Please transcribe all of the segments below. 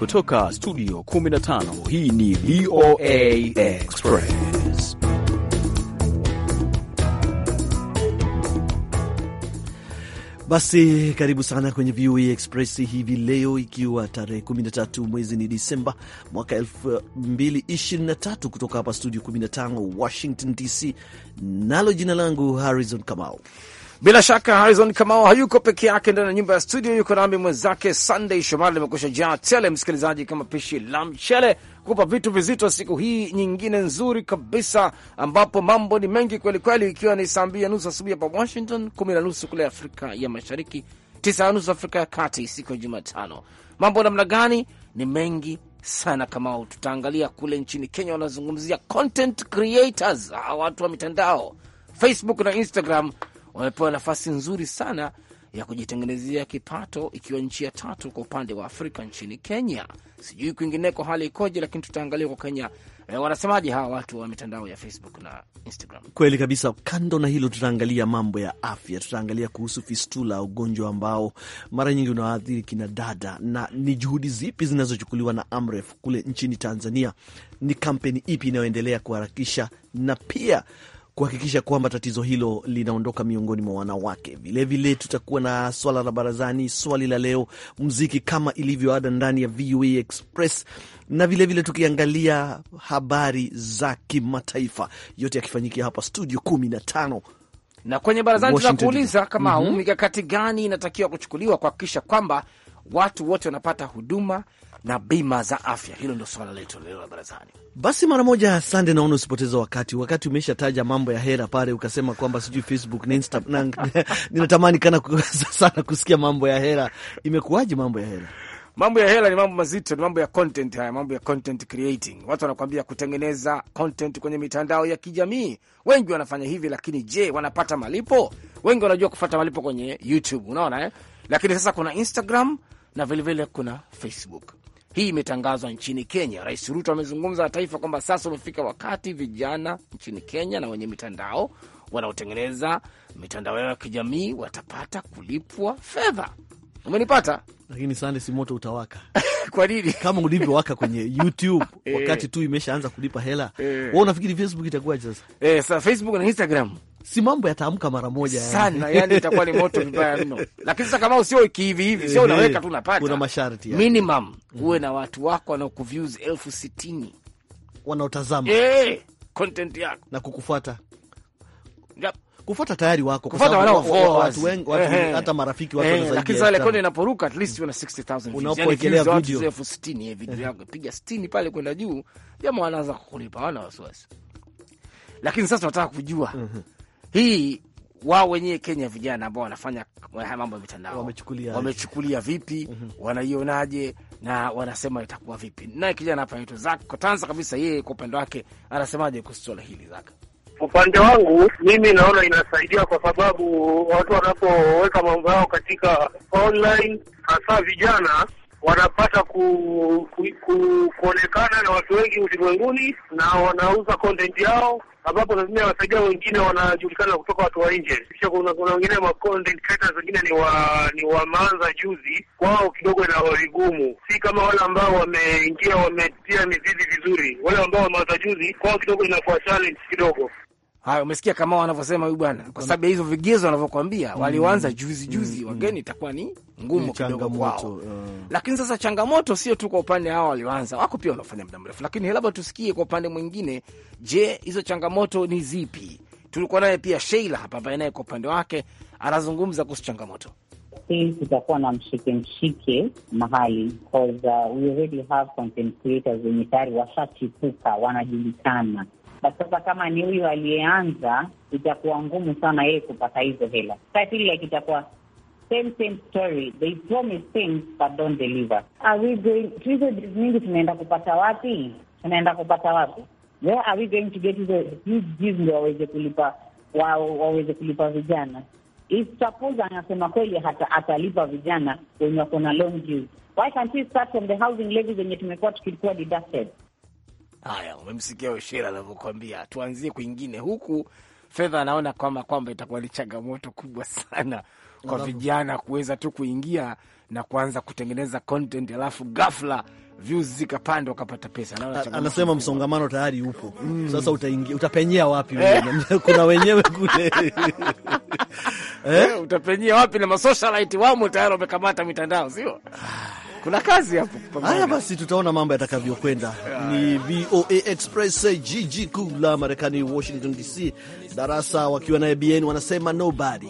Kutoka studio 15 hii ni VOA Express. Basi karibu sana kwenye VOA Express hivi leo, ikiwa tarehe 13 mwezi ni Disemba mwaka 2023, kutoka hapa studio 15 Washington DC, nalo jina langu Harrison Kamau bila shaka Harizon Kamao hayuko peke yake ndani ya nyumba ya studio, yuko nami mwenzake Sunday Shomari. Limekusha jaa tele, msikilizaji, kama pishi la mchele kupa vitu vizito siku hii nyingine nzuri kabisa, ambapo mambo ni mengi kwelikweli, ikiwa ni saa mbili na nusu asubuhi hapa Washington, kumi na nusu kule Afrika ya Mashariki, tisa na nusu Afrika ya Kati, siku ya Jumatano. Mambo namna gani? Ni mengi sana Kamao. Tutaangalia kule nchini Kenya, wanazungumzia content creators, watu wa mitandao Facebook na Instagram wamepewa nafasi nzuri sana ya kujitengenezea kipato, ikiwa nchi ya tatu kwa upande wa Afrika nchini Kenya. Sijui kwingineko hali ikoje, lakini tutaangalia kwa Kenya eh, wanasemaje hawa watu wa mitandao ya Facebook na Instagram. Kweli kabisa. Kando na hilo, tutaangalia mambo ya afya, tutaangalia kuhusu fistula, ugonjwa ambao mara nyingi unawaathiri kina dada, na ni juhudi zipi zinazochukuliwa na Amref kule nchini Tanzania, ni kampeni ipi inayoendelea kuharakisha na pia kuhakikisha kwamba tatizo hilo linaondoka miongoni mwa wanawake. Vilevile tutakuwa na swala la barazani, swali la leo, muziki kama ilivyo ada ndani ya VOA Express, na vilevile tukiangalia habari za kimataifa, yote yakifanyikia hapa studio 15 na kwenye barazani tunakuuliza kama mm -hmm. mikakati gani inatakiwa kuchukuliwa kuhakikisha kwamba watu wote wanapata huduma na bima za afya. Hilo ndio swala letu leo la barazani. Basi mara moja, asante. Naona usipoteza wakati, wakati umeshataja mambo ya hera pale, ukasema kwamba sijui Facebook na Insta na ninatamani kana sana kusikia mambo ya hera. Imekuwaje mambo ya hera? Mambo ya hela ni mambo mazito, ni mambo ya content haya, mambo ya content creating. Watu wanakuambia kutengeneza content kwenye mitandao ya kijamii, wengi wanafanya hivi, lakini je, wanapata malipo? Wengi wanajua kufata malipo kwenye YouTube, unaona eh? Lakini sasa kuna Instagram na vilevile vile kuna Facebook. Hii imetangazwa nchini Kenya. Rais Ruto amezungumza na taifa kwamba sasa umefika wakati vijana nchini Kenya na wenye mitandao wanaotengeneza mitandao yao ya kijamii watapata kulipwa fedha. Umenipata? Lakini sande, si moto utawaka. Kwa nini? Kama ulivyowaka kwenye YouTube eh. wakati tu imeshaanza kulipa hela, eh. wewe unafikiri Facebook itakuwa sasa? Eh, sasa Facebook na Instagram si mambo yataamka mara moja sana yani, yani itakuwa ni moto vibaya mno, lakini sasa kama usio iki hivi sio unaweka tu unapata, kuna masharti yani. Minimum uwe na watu wako wanaokuviews elfu sitini wanaotazama eh, content yako na kukufuata yep. kufuata tayari wako kufuata wanao watu wengi watu, eh, hata marafiki wako eh, lakini sasa ile inaporuka at least una 60000 unapoekelea video elfu sitini ya eh, video yako piga 60 pale kwenda juu, jamaa wanaanza kukulipa, wana wasiwasi. Lakini sasa nataka kujua mm -hmm hii wao wenyewe Kenya vijana ambao wanafanya haya mambo ya mitandao wamechukulia, wamechukulia vipi? mm -hmm. Wanaionaje na wanasema itakuwa vipi? Naye kijana hapa anaitwa Zak Kotanza kabisa, yeye kwa upande wake anasemaje kuhusu swala hili Zak? Upande wangu mimi naona inasaidia kwa sababu watu wanapoweka mambo yao katika online, hasa vijana wanapata ku, ku, ku, kuonekana na watu wengi ulimwenguni na wanauza content yao ambapo lazima wasaidia wengine wanajulikana kutoka watu wa nje. Kisha kuna kuna wengine ma content creators wengine ni wa ni wameanza juzi, kwao kidogo inakuwa vigumu, si kama wale ambao wameingia wametia mizizi vizuri. Wale ambao wameanza juzi, kwao kidogo inakuwa challenge kidogo. Haya, umesikia kama wanavyosema huyu bwana, kwa sababu ya hizo vigezo wanavyokuambia mm. walioanza juzi juzi, mm, mm, wageni itakuwa ni ngumu kidogo kwao. Eh. Lakini sasa changamoto sio tu kwa upande hao walioanza, wako pia wanafanya muda mrefu. Lakini labda tusikie kwa upande mwingine, je, hizo changamoto ni zipi? Tulikuwa naye pia Sheila hapa ambaye naye kwa upande wake anazungumza kuhusu changamoto hii kutakuwa na mshike mshike mahali because uh, we already have content creators wenye tayari washachipuka wanajulikana, basi sasa, kama ni huyo aliyeanza, itakuwa ngumu sana yeye kupata hizo hela. I feel like itakuwa same same story, they promise things but don't deliver. Are we going hizo nyingi, tunaenda kupata wapi? Tunaenda kupata wapi? Where are we going to get hizo ndio waweze kulipa waweze kulipa vijana? If suppose anasema kweli hata atalipa vijana wenye wako na long why can't we start from the housing levy zenye tumekuwa tukilikuwa deducted Haya, umemsikia Ushera anavyokwambia. Tuanzie kwingine huku, fedha anaona kwamba kwamba itakuwa ni changamoto kubwa sana kwa vijana kuweza tu kuingia na kuanza kutengeneza content, alafu ghafla views zikapanda ukapata pesa. anasema msongamano tayari upo mm. Sasa utaingia utapenyea wapi eh? kuna wenyewe kule eh? eh utapenyea wapi na masocialite wamo tayari wamekamata mitandao, sio kuna kazi hapo. Haya basi, tutaona mambo yatakavyokwenda. Ni VOA Express, jiji kuu la Marekani, Washington DC. Darasa wakiwa na ABN wanasema nobody.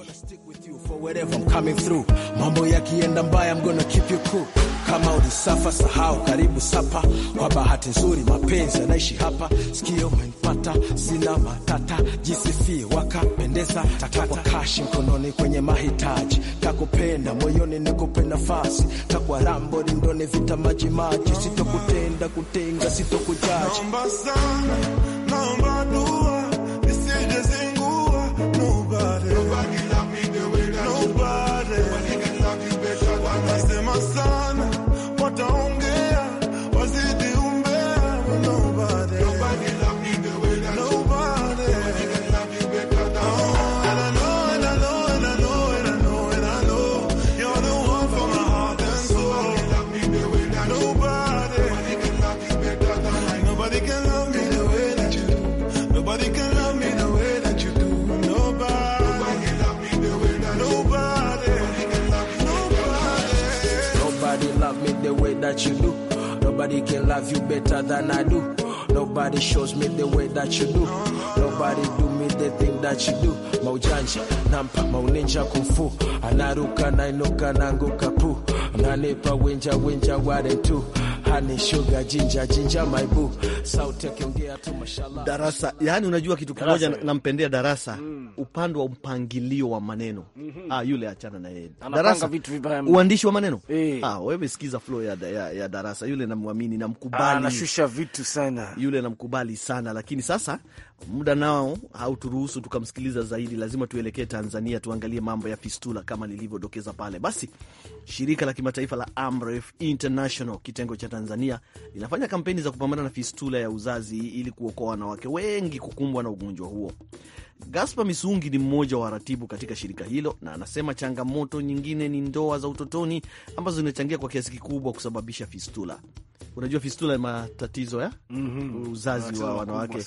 Mambo yakienda mbaya, I'm gonna keep you cool kama ulisafa sahau, karibu sapa. Kwa bahati nzuri mapenzi anaishi hapa, sikio umenipata, sina matata, jisifie wakapendeza, takwa kashi mkononi kwenye mahitaji, takupenda moyoni nikupe nafasi, takwa rambo lindoni vita maji, sitokutenda kutenga, sitokujaji naomba sana, naomba that you do. Nobody can love you better than I do. Nobody shows me the way that you do. Nobody do me the thing that you do. Maujanja, nampa, mauninja kufu. Anaruka, nainuka, nanguka pu. Nanipa, winja, winja, ware tu. honey, sugar, ginger, ginger, my boo. Darasa, yani unajua kitu kimoja nampendea Darasa, mm. upande wa mpangilio wa maneno mm -hmm. Ah, yule achana na yeye Darasa, uandishi wa maneno e. Ah, wewe msikiza flow ya, ya, ya Darasa, yule namwamini, namkubali, ah, anashusha vitu sana yule, namkubali sana lakini sasa muda nao hauturuhusu tukamsikiliza zaidi, lazima tuelekee Tanzania, tuangalie mambo ya fistula kama lilivyodokeza pale. Basi shirika la kimataifa la Amref International kitengo cha Tanzania linafanya kampeni za kupambana na fistula ya uzazi ili kuokoa wanawake wengi kukumbwa na ugonjwa huo. Gaspa Misungi ni mmoja wa ratibu katika shirika hilo na anasema changamoto nyingine ni ndoa za utotoni ambazo zinachangia kwa kiasi kikubwa kusababisha fistula. Unajua fistula ni matatizo ya mm -hmm. uzazi wa wanawake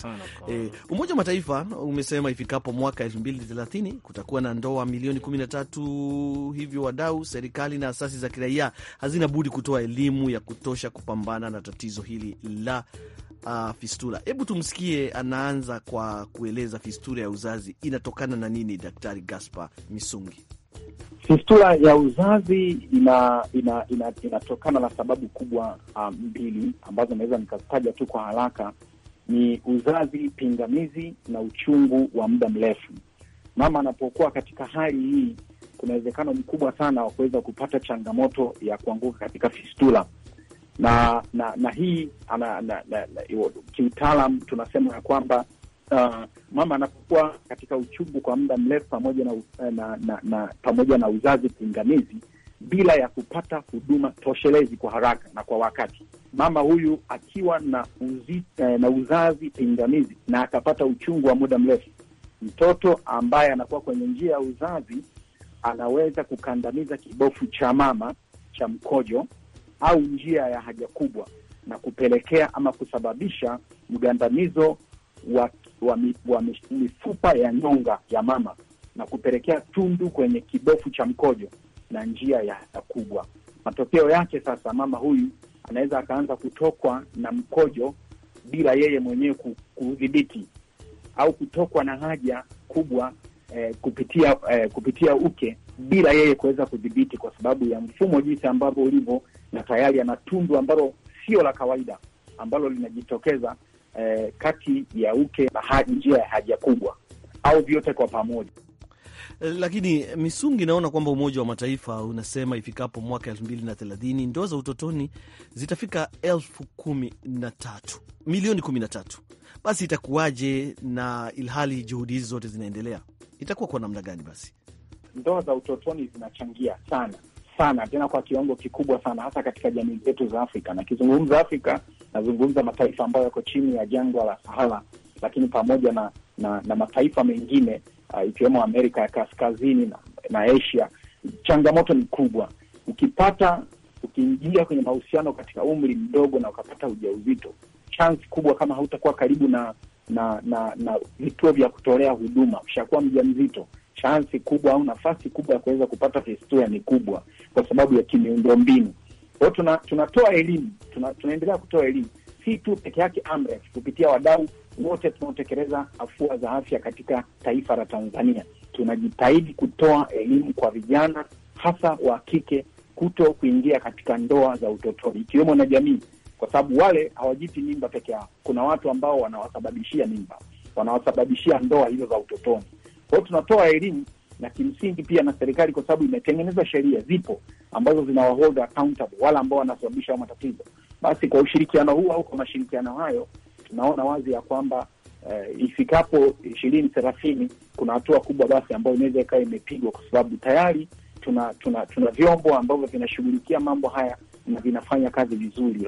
e. Umoja wa Mataifa umesema ifikapo mwaka thelathini kutakuwa na ndoa milioni 13. Hivyo wadau, serikali na asasi za kiraia hazina budi kutoa elimu ya kutosha kupambana na tatizo hili la uh, fistula. Hebu tumsikie, anaanza kwa kueleza fistula ya uzazi inatokana na nini, Daktari Gaspar Misungi. Fistula ya uzazi ina, ina, ina, inatokana na sababu kubwa ah, mbili um, ambazo naweza nikazitaja tu kwa haraka ni uzazi pingamizi na uchungu wa muda mrefu. Mama anapokuwa katika hali hii, kuna uwezekano mkubwa sana wa kuweza kupata changamoto ya kuanguka katika fistula na na na hii na, na, na, kiutaalam tunasema ya kwamba uh, mama anapokuwa katika uchungu kwa muda mrefu pamoja na, eh, na, na, na pamoja na uzazi pingamizi bila ya kupata huduma toshelezi kwa haraka na kwa wakati, mama huyu akiwa na, uzi, eh, na uzazi pingamizi na akapata uchungu wa muda mrefu, mtoto ambaye anakuwa kwenye njia ya uzazi anaweza kukandamiza kibofu cha mama cha mkojo au njia ya haja kubwa na kupelekea ama kusababisha mgandamizo wa, wa, wa mifupa ya nyonga ya mama na kupelekea tundu kwenye kibofu cha mkojo na njia ya haja kubwa. Matokeo yake sasa, mama huyu anaweza akaanza kutokwa na mkojo bila yeye mwenyewe kudhibiti au kutokwa na haja kubwa eh, kupitia eh, kupitia uke bila yeye kuweza kudhibiti, kwa sababu ya mfumo jinsi ambavyo ulivyo na tayari ana tundu ambalo sio la kawaida ambalo linajitokeza eh, kati ya uke na njia ya haja kubwa au vyote kwa pamoja. Lakini Misungi, naona kwamba Umoja wa Mataifa unasema ifikapo mwaka elfu mbili na thelathini ndoa za utotoni zitafika elfu kumi na tatu milioni kumi na tatu. Basi itakuwaje na ilhali juhudi hizi zote zinaendelea? Itakuwa kwa namna gani? Basi ndoa za utotoni zinachangia sana sana tena kwa kiwango kikubwa sana, hasa katika jamii zetu za Afrika. Na kizungumza Afrika, nazungumza mataifa ambayo yako chini ya jangwa la Sahara, lakini pamoja na na, na mataifa mengine uh, ikiwemo Amerika ya Kaskazini na, na Asia. Changamoto ni kubwa. Ukipata ukiingia kwenye mahusiano katika umri mdogo na ukapata ujauzito, chance kubwa kama hautakuwa karibu na na na, na vituo vya kutolea huduma, ushakuwa mjamzito chansi kubwa au nafasi kubwa ya kuweza kupata historia ni kubwa, kwa sababu ya kimiundombinu kwao. Tuna, tunatoa elimu tuna, tunaendelea kutoa elimu si tu peke yake AMREF, kupitia wadau wote tunaotekeleza afua za afya katika taifa la Tanzania tunajitahidi kutoa elimu kwa vijana hasa wa kike kuto kuingia katika ndoa za utotoni ikiwemo na jamii, kwa sababu wale hawajiti mimba peke yao. Kuna watu ambao wanawasababishia mimba, wanawasababishia ndoa hizo za utotoni kwao tunatoa elimu na kimsingi pia na serikali, kwa sababu imetengeneza sheria zipo ambazo zinawahold accountable wale ambao wanasababisha matatizo. Basi kwa ushirikiano huu au kwa mashirikiano hayo, tunaona wazi ya kwamba uh, ifikapo ishirini thelathini kuna hatua kubwa basi ambayo inaweza ikawa imepigwa, kwa sababu tayari tuna tuna tuna vyombo ambavyo vinashughulikia mambo haya na vinafanya kazi vizuri.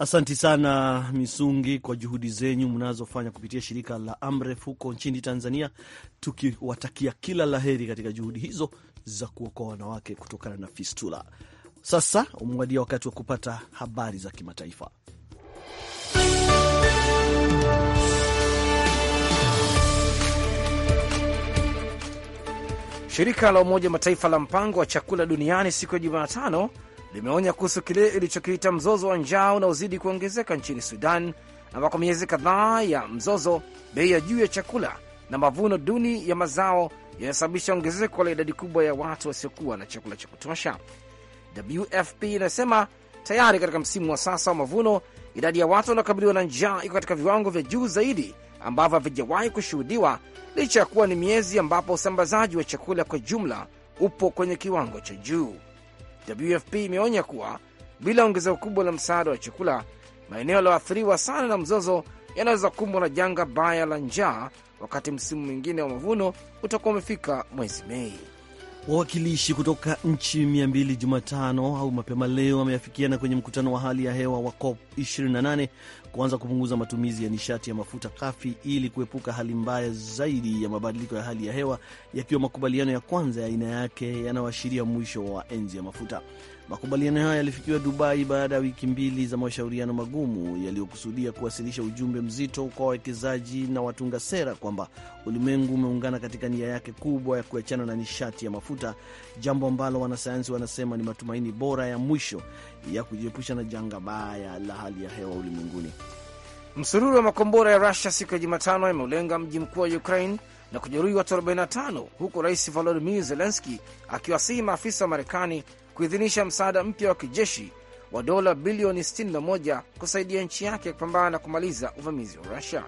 Asanti sana Misungi kwa juhudi zenyu mnazofanya kupitia shirika la Amref huko nchini Tanzania, tukiwatakia kila laheri katika juhudi hizo za kuokoa wanawake kutokana na fistula. Sasa umewadia wakati wa kupata habari za kimataifa. Shirika la Umoja Mataifa la mpango wa chakula duniani siku ya Jumatano limeonya kuhusu kile ilichokiita mzozo wa njaa unaozidi kuongezeka nchini Sudan, ambako miezi kadhaa ya mzozo, bei ya juu ya chakula na mavuno duni ya mazao yanasababisha ongezeko la idadi kubwa ya watu wasiokuwa na chakula cha kutosha. WFP inasema tayari katika msimu wa sasa wa mavuno, idadi ya watu wanaokabiliwa na njaa iko katika viwango vya juu zaidi ambavyo havijawahi kushuhudiwa, licha ya kuwa ni miezi ambapo usambazaji wa chakula kwa jumla upo kwenye kiwango cha juu. WFP imeonya kuwa bila ongezeko kubwa la msaada wa chakula, maeneo yaliyoathiriwa sana na mzozo yanaweza kumbwa na janga baya la njaa, wakati msimu mwingine wa mavuno utakuwa umefika mwezi Mei. Wawakilishi kutoka nchi 200 Jumatano au mapema leo wameafikiana kwenye mkutano wa hali ya hewa wa COP 28 kuanza kupunguza matumizi ya nishati ya mafuta ghafi ili kuepuka hali mbaya zaidi ya mabadiliko ya hali ya hewa, yakiwa makubaliano ya kwanza ya aina yake yanayoashiria mwisho wa enzi ya mafuta. Makubaliano hayo yalifikiwa Dubai baada ya wiki mbili za mashauriano magumu yaliyokusudia kuwasilisha ujumbe mzito kwa wawekezaji na watunga sera kwamba ulimwengu umeungana katika nia yake kubwa ya kuachana na nishati ya mafuta, jambo ambalo wanasayansi wanasema ni matumaini bora ya mwisho ya kujiepusha na janga baya la hali ya hewa ulimwenguni. Msururu wa makombora ya Rusia siku ya Jumatano yameulenga mji mkuu wa Ukraine na kujeruhi watu 45 huku rais Volodimir Zelenski akiwasihi maafisa wa Marekani kuidhinisha msaada mpya wa kijeshi wa dola bilioni 61 kusaidia nchi yake kupambana na kumaliza uvamizi wa Rusia.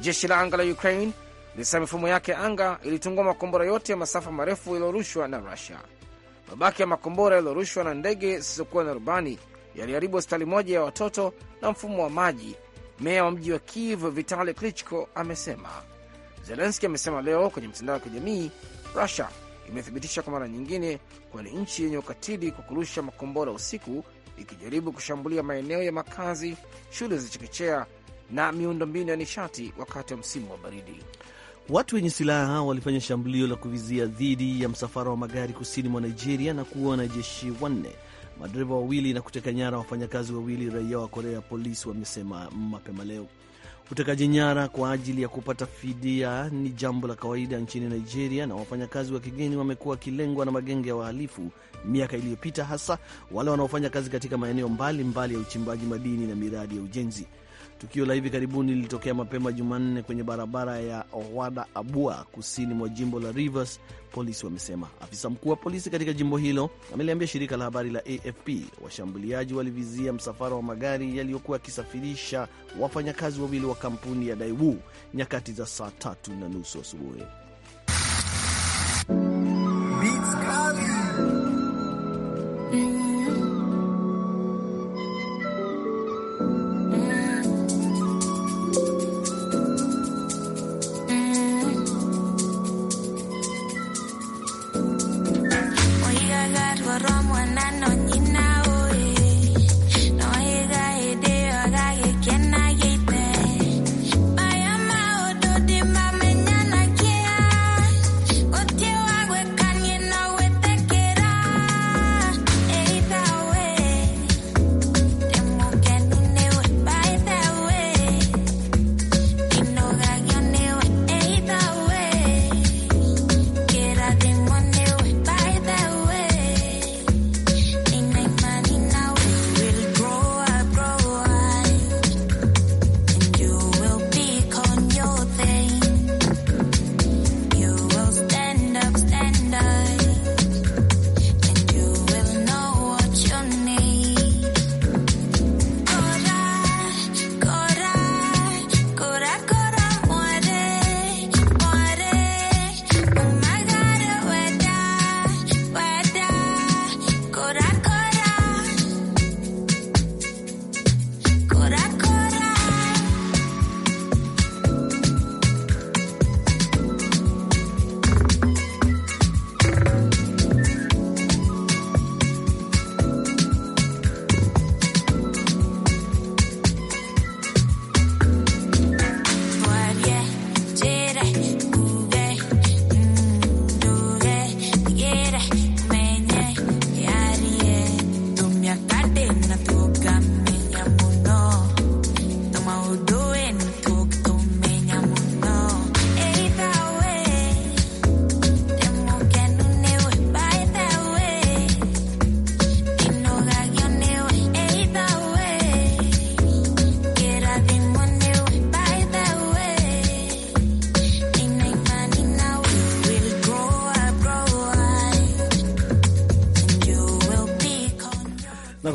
Jeshi la anga la Ukraine lilisema mifumo yake ya anga ilitungua makombora yote ya masafa marefu yaliyorushwa na Rusia. Mabaki ya makombora yaliyorushwa na ndege zisizokuwa na rubani yaliharibu hospitali moja ya watoto na mfumo wa maji, meya wa mji wa Kiev Vitali Klitschko amesema. Zelenski amesema leo kwenye mtandao wa kijamii Rusia imethibitisha kwa mara nyingine kuwa ni nchi yenye ukatili kwa kurusha makombora usiku ikijaribu kushambulia maeneo ya makazi, shule za chekechea na miundombinu ya nishati wakati wa msimu wa baridi. Watu wenye silaha walifanya shambulio la kuvizia dhidi ya msafara wa magari kusini mwa Nigeria na kuua wanajeshi wanne, madereva wawili na kuteka nyara wafanyakazi wawili raia wa Korea, polisi wamesema mapema leo. Utekaji nyara kwa ajili ya kupata fidia ni jambo la kawaida nchini Nigeria, na wafanyakazi wa kigeni wamekuwa wakilengwa na magenge ya wahalifu miaka iliyopita, hasa wale wanaofanya kazi katika maeneo mbalimbali mbali ya uchimbaji madini na miradi ya ujenzi. Tukio la hivi karibuni lilitokea mapema Jumanne kwenye barabara ya Owada Abua, kusini mwa jimbo la Rivers, polisi wamesema. Afisa mkuu wa polisi katika jimbo hilo ameliambia shirika la habari la AFP washambuliaji walivizia msafara wa magari yaliyokuwa yakisafirisha wafanyakazi wawili wa kampuni ya Daewoo nyakati za saa tatu na nusu asubuhi.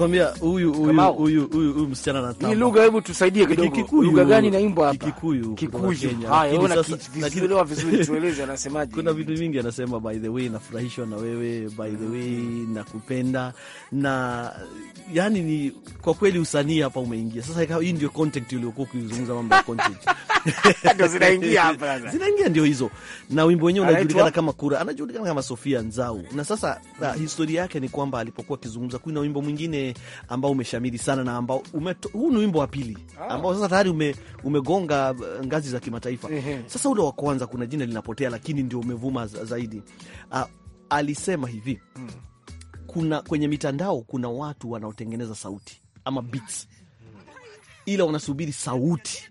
nakwambia huyu huyu huyu huyu msichana anatamba. Ni lugha, hebu tusaidie kidogo. Lugha gani inaimbwa hapa? Kikuyu. Kikuyu. Haya, ona kielewa vizuri tueleze anasemaje. Kuna vitu vingi anasema by the way nafurahishwa na wewe, by the way mm. nakupenda na yani ni kwa kweli usanii hapa umeingia. Sasa hii ndio content uliokuwa ukizungumza mambo ya content. ndio zinaingia hapa sasa, zinaingia ndio hizo. Na wimbo wenyewe unajulikana kama Kura, anajulikana kama Sofia Nzau. Na sasa na uh, historia yake ni kwamba alipokuwa akizungumza, kuna wimbo mwingine ambao umeshamiri sana na ambao huu ni wimbo wa pili ah. ambao sasa tayari ume, umegonga uh, ngazi za kimataifa. Sasa ule wa kwanza kuna jina linapotea, lakini ndio umevuma zaidi. Uh, alisema hivi hmm. Kuna kwenye mitandao kuna watu wanaotengeneza sauti ama beats, ila wanasubiri sauti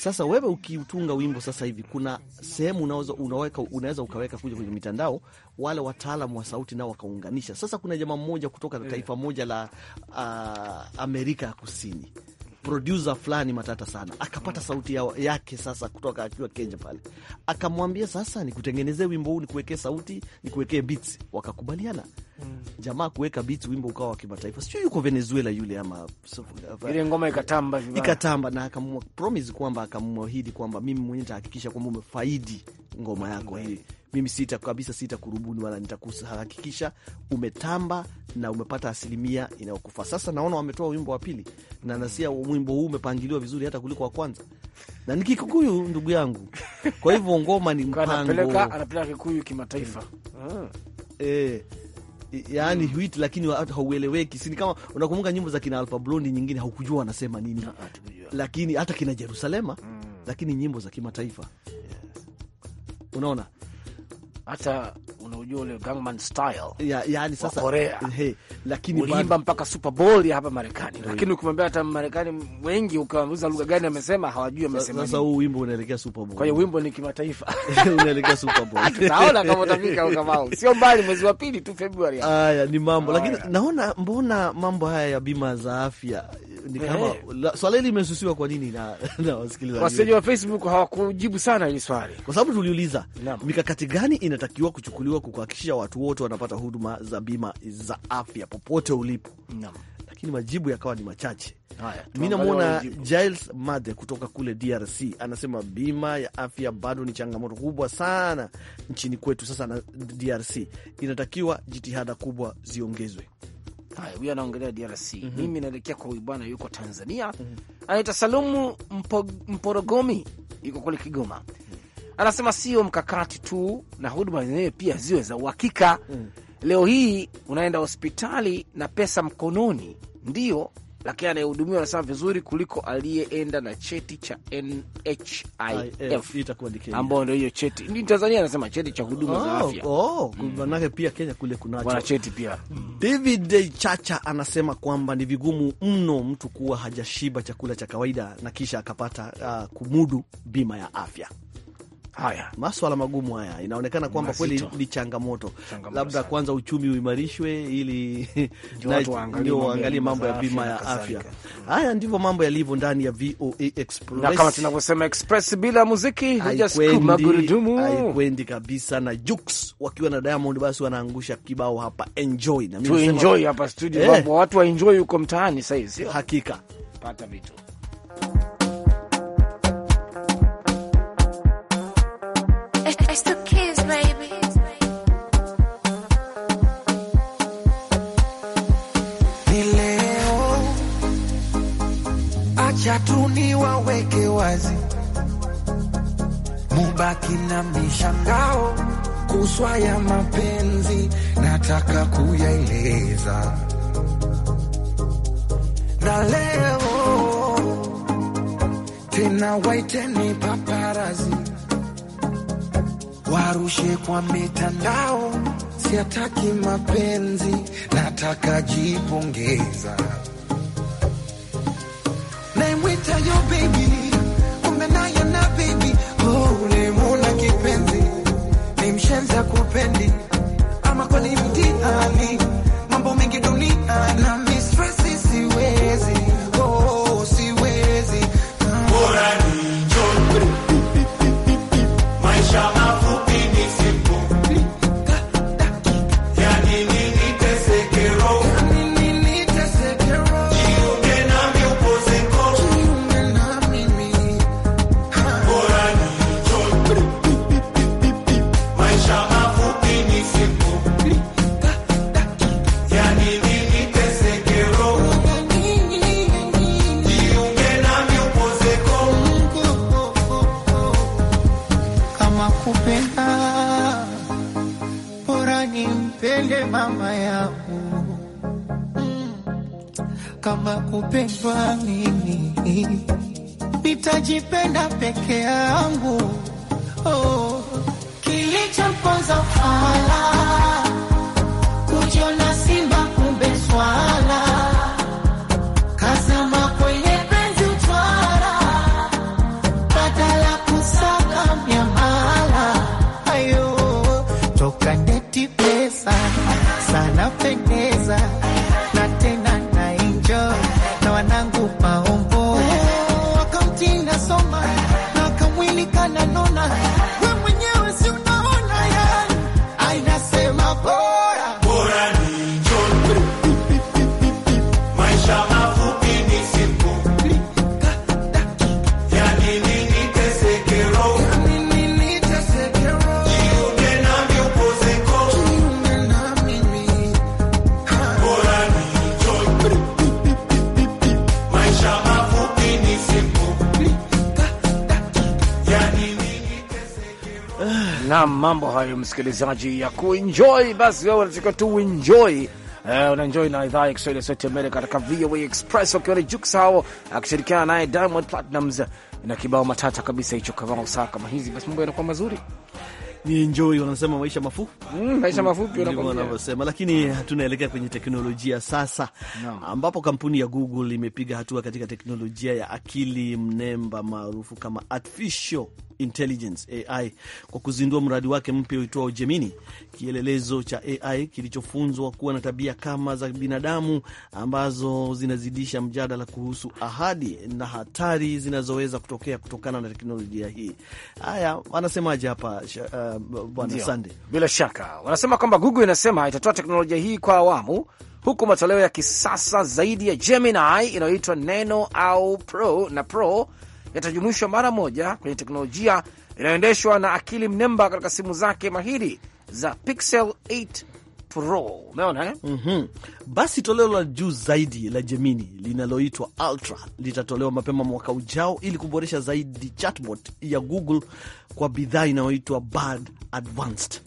sasa wewe ukiutunga wimbo sasa hivi, kuna sehemu unaweza unaweza ukaweka kuja kwenye mitandao, wale wataalamu wa sauti nao wakaunganisha. Sasa kuna jamaa mmoja kutoka eh. taifa moja la uh, Amerika ya Kusini, producer fulani matata sana, akapata sauti ya, yake sasa kutoka akiwa Kenya pale, akamwambia sasa, nikutengenezee wimbo huu, nikuwekee sauti, nikuwekee beats, wakakubaliana jamaa kuweka beats wimbo ukawa wa kimataifa. Sijui yuko Venezuela yule ama uh, ile ngoma ikatamba vibaya, ikatamba na akamwa promise kwamba akamwahidi kwamba mimi mwenyewe nitahakikisha kwamba umefaidi ngoma yako hii mimi sita kabisa, sita kurubuni wala nitakuhakikisha umetamba na umepata asilimia inayokufaa. Sasa naona wametoa wimbo wa pili, na nasia wimbo huu umepangiliwa vizuri hata kuliko wa kwanza, na ni Kikuyu ndugu yangu. Kwa hivyo ngoma ni mpango, anapeleka Kikuyu kimataifa. hmm. hmm. eh yaani hit lakini haueleweki. Sini kama unakumbuka nyimbo za kina Alpha Blondy nyingine haukujua wanasema nini, ah, ah, lakini hata kina Jerusalema mm. lakini nyimbo za kimataifa yes. Unaona hata unaujua ule Style ya, yani sasa Korea lakini mpaka Super Bowl ya hapa Marekani, lakini ukimwambia hata Marekani wengi ukawauliza lugha gani amesema hawajui amesema. Sasa huu wimbo unaelekea Super Bowl, kwa hiyo wimbo ni kimataifa unaelekea Super Bowl, tutaona kama utafika au kama sio mbali, mwezi wa pili tu Februari. Haya ni mambo, lakini naona mbona mambo haya ya bima za afya ni kama eh. Swala hili limesusiwa kwa nini na, na wasikilizaji waseja wa Facebook hawakujibu sana hili swali, kwa sababu tuliuliza mikakati gani inatakiwa kuchukuliwa kuhakikisha watu wote wanapata huduma za bima za afya popote ulipo, lakini majibu yakawa ni machache. Mi namwona Giles Made kutoka kule DRC anasema bima ya afya bado ni changamoto kubwa sana nchini kwetu. Sasa na DRC inatakiwa jitihada kubwa ziongezwe haya, huyo anaongelea DRC. mm -hmm. Mimi naelekea kwa huyu bwana yuko Tanzania. mm -hmm. Anaita Salumu Mporogomi, yuko kule Kigoma. mm -hmm. Anasema sio mkakati tu na huduma zenyewe pia ziwe za uhakika. mm -hmm. Leo hii unaenda hospitali na pesa mkononi, ndio lakini anayehudumiwa anasema vizuri kuliko aliyeenda na cheti cha NHIF ambao ndio hiyo cheti ni Tanzania, anasema cheti cha huduma oh, za afya oh, mm. Manake pia Kenya kule kunacho wana cheti pia. David Chacha anasema kwamba ni vigumu mno mtu kuwa hajashiba chakula cha kawaida na kisha akapata uh, kumudu bima ya afya. Haya maswala magumu haya, inaonekana kwamba kweli ni changamoto, changamoto labda sana. Kwanza uchumi uimarishwe ili ndio waangalie mambo ya bima ya afya. Haya ndivyo mambo yalivyo ndani ya VOA Express, na kama tunavyosema express bila muziki hujasukuma magurudumu haikwendi kabisa. Na Jux wakiwa na Diamond basi wanaangusha kibao hapa enjoy, na mimi enjoy hapa studio eh. Watu wa enjoy huko mtaani sasa hivi, hakika pata vitu Chatuni waweke wazi, mubaki na mishangao kuswa ya mapenzi, nataka kuyaeleza na leo tena, waiteni paparazi warushe kwa mitandao. Siataki mapenzi, nataka jipongeza. Naimwita yo baby, kumbe na baby oh, mula kipenzi, mshenza kupendi ama kwani mtihani, mambo mengi duniani hayo msikilizaji ya kuenjoy. Basi wewe unatakiwa tu uenjoy. Uh, eh, unaenjoy na idhaa ya Kiswahili ya Sauti Amerika katika VOA Express wakiwa ni Juks hao akishirikiana naye Diamond Platnumz na kibao matata kabisa hicho, kama saa kama hizi, basi mambo yanakuwa mazuri ni enjoy, wanasema maisha mafupi, mm, maisha mafupi wanavyosema. Lakini mm. tunaelekea kwenye teknolojia sasa, no. ambapo kampuni ya Google imepiga hatua katika teknolojia ya akili mnemba maarufu kama artificial Intelligence AI kwa kuzindua mradi wake mpya uitwao Gemini, kielelezo cha AI kilichofunzwa kuwa na tabia kama za binadamu ambazo zinazidisha mjadala kuhusu ahadi na hatari zinazoweza kutokea kutokana na teknolojia hii. Haya, wanasemaje hapa uh, bwana Sande? Bila shaka wanasema kwamba Google inasema itatoa teknolojia hii kwa awamu huku matoleo ya kisasa zaidi ya Gemini inayoitwa Neno au Pro na Pro yatajumuishwa mara moja kwenye teknolojia inayoendeshwa na akili mnemba katika simu zake mahiri za Pixel 8 Pro. Umeona eh? mm -hmm. Basi toleo la juu zaidi la Gemini linaloitwa Ultra litatolewa mapema mwaka ujao ili kuboresha zaidi chatbot ya Google kwa bidhaa inayoitwa Bard Advanced.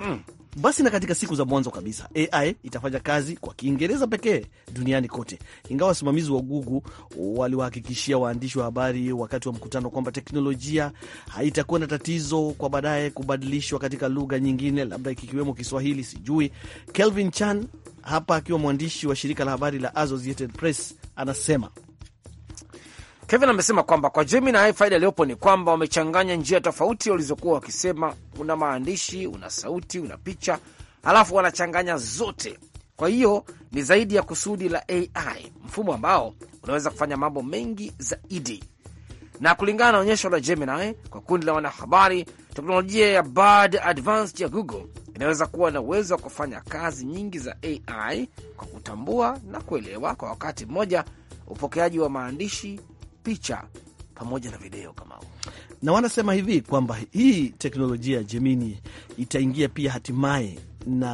mm. Basi na katika siku za mwanzo kabisa AI itafanya kazi kwa Kiingereza pekee duniani kote, ingawa wasimamizi wa Google waliwahakikishia waandishi wa habari wakati wa mkutano kwamba teknolojia haitakuwa na tatizo kwa baadaye kubadilishwa katika lugha nyingine, labda ikiwemo Kiswahili, sijui. Kelvin Chan hapa akiwa mwandishi wa shirika la habari la Associated Press anasema Kevin amesema kwamba kwa Gemini faida iliyopo ni kwamba wamechanganya njia tofauti walizokuwa wakisema. Una maandishi, una sauti, una picha, halafu wanachanganya zote. Kwa hiyo ni zaidi ya kusudi la AI, mfumo ambao unaweza kufanya mambo mengi zaidi. Na kulingana na onyesho la Gemini kwa kundi la wanahabari, teknolojia ya Bard Advanced ya Google inaweza kuwa na uwezo wa kufanya kazi nyingi za AI kwa kutambua na kuelewa kwa wakati mmoja upokeaji wa maandishi picha pamoja na video kama huu. Na wanasema hivi kwamba hii teknolojia Gemini itaingia pia hatimaye na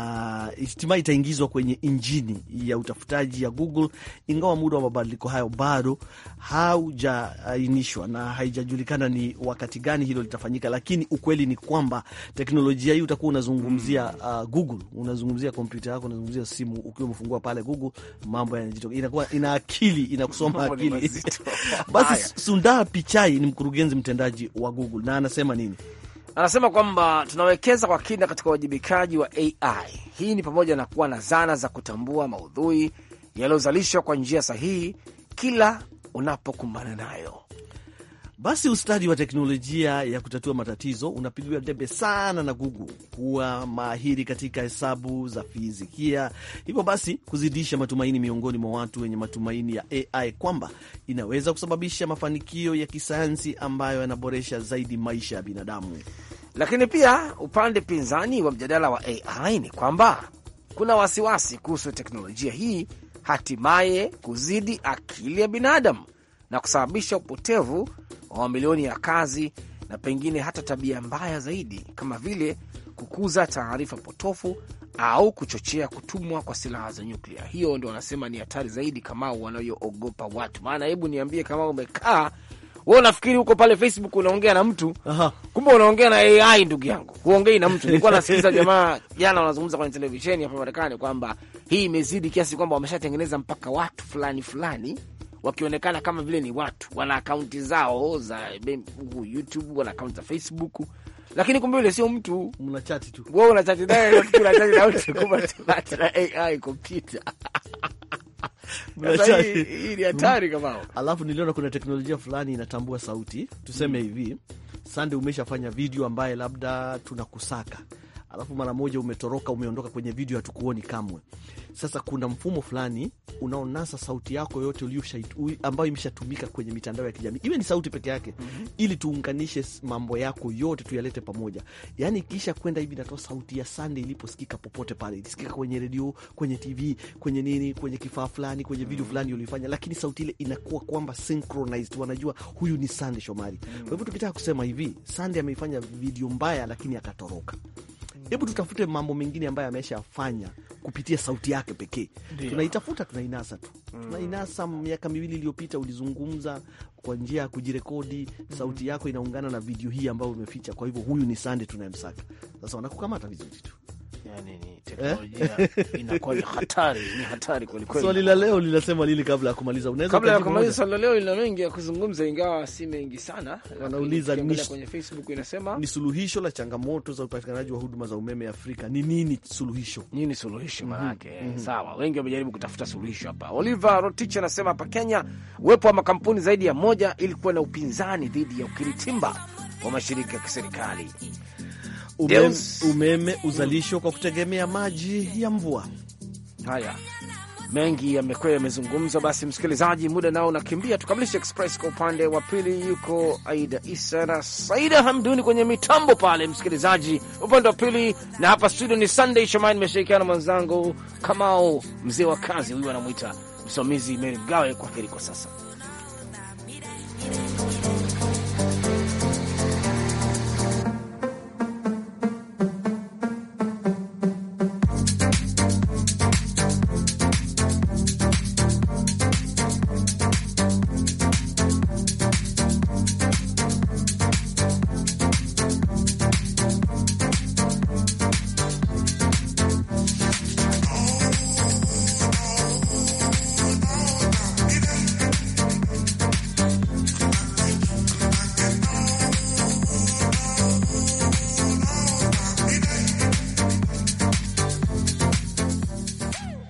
hatimaye itaingizwa kwenye injini ya utafutaji ya Google, ingawa muda wa mabadiliko hayo bado haujaainishwa na haijajulikana ni wakati gani hilo litafanyika. Lakini ukweli ni kwamba teknolojia hii utakuwa unazungumzia hmm. uh, Google, unazungumzia kompyuta yako, unazungumzia simu. Ukiwa umefungua pale Google, mambo yanajitoka, inakuwa ina akili, inakusoma akili. Basi Sundar Pichai ni mkurugenzi mtendaji wa Google na anasema nini? anasema kwamba tunawekeza kwa kina katika uwajibikaji wa AI. Hii ni pamoja na kuwa na zana za kutambua maudhui yaliyozalishwa kwa njia sahihi kila unapokumbana nayo. Basi ustadi wa teknolojia ya kutatua matatizo unapigiwa debe sana na Google kuwa mahiri katika hesabu za fizikia, hivyo basi kuzidisha matumaini miongoni mwa watu wenye matumaini ya AI kwamba inaweza kusababisha mafanikio ya kisayansi ambayo yanaboresha zaidi maisha ya binadamu. Lakini pia upande pinzani wa mjadala wa AI ni kwamba kuna wasiwasi kuhusu teknolojia hii hatimaye kuzidi akili ya binadamu na kusababisha upotevu wa mamilioni ya kazi na pengine hata tabia mbaya zaidi kama vile kukuza taarifa potofu au kuchochea kutumwa kwa silaha za nyuklia. Hiyo ndo wanasema ni hatari zaidi, kama wanayoogopa watu. Maana hebu niambie, kama umekaa we unafikiri huko pale Facebook unaongea na mtu, kumbe unaongea na AI. Ndugu yangu, huongei na mtu. Nilikuwa nasikiliza jamaa jana wanazungumza kwenye televisheni hapa Marekani kwamba hii imezidi kiasi kwamba wameshatengeneza mpaka watu fulani fulani wakionekana kama vile ni watu, wana akaunti zao za YouTube, wana akaunti za Facebook, lakini kumbe yule sio mtu, tu, wewe naye, na wote kwa AI hii ni hatari mm. Alafu niliona kuna teknolojia fulani inatambua sauti, tuseme mm. hivi, Sande umeshafanya video ambaye labda tunakusaka alafu mara moja umetoroka, umeondoka kwenye video, hatukuoni kamwe. Sasa kuna mfumo fulani unaonasa sauti yako yote ambayo imeshatumika kwenye mitandao ya kijamii, iwe ni sauti peke yake mm -hmm. ili tuunganishe mambo yako yote tuyalete pamoja. Yani kisha kwenda hivi, natoa sauti ya sande iliposikika popote pale, ilisikika kwenye redio, kwenye TV, kwenye nini, kwenye kifaa fulani, kwenye video mm. fulani ulifanya, lakini sauti ile inakuwa kwamba synchronized, wanajua huyu ni Sande Shomari. Mm. Kwa hivyo tukitaka kusema hivi, Sande ameifanya video mbaya, lakini akatoroka hebu tutafute mambo mengine ambayo ameshafanya kupitia sauti yake pekee. Tunaitafuta, tunainasa tu, mm. tunainasa. Miaka miwili iliyopita ulizungumza kwa njia ya kujirekodi, sauti yako inaungana na video hii ambayo umeficha. Kwa hivyo huyu ni Sande tunayemsaka sasa, wanakukamata vizuri tu yani ni eh? teknolojia inakuwa ni hatari, ni hatari kweli kweli. Swali la leo linasema lili, kabla ya kumaliza, unaweza kabla ya kumaliza swali la leo lina mengi ya kuzungumza, ingawa si mengi sana. Wanauliza kwenye Facebook inasema ni suluhisho la changamoto za upatikanaji wa huduma za umeme Afrika ni nini? Suluhisho nini? Suluhisho maana yake mm -hmm. Sawa, wengi wamejaribu kutafuta suluhisho hapa. Oliver Rotich anasema hapa Kenya uwepo wa makampuni zaidi ya moja ilikuwa na upinzani dhidi ya ukiritimba wa mashirika ya kiserikali umeme, umeme uzalishwa kwa kutegemea maji ya mvua. Haya, mengi yamekuwa yamezungumzwa. Basi msikilizaji, muda nao unakimbia, tukamilishe Express kwa upande wa pili. Yuko Aida Isa na Saida Hamduni kwenye mitambo pale, msikilizaji upande wa pili, na hapa studio ni Sunday Shomai, nimeshirikiana mwenzangu Kamao mzee wa kazi, huyu anamwita msimamizi Meri Mgawe. Kwa heri kwa sasa.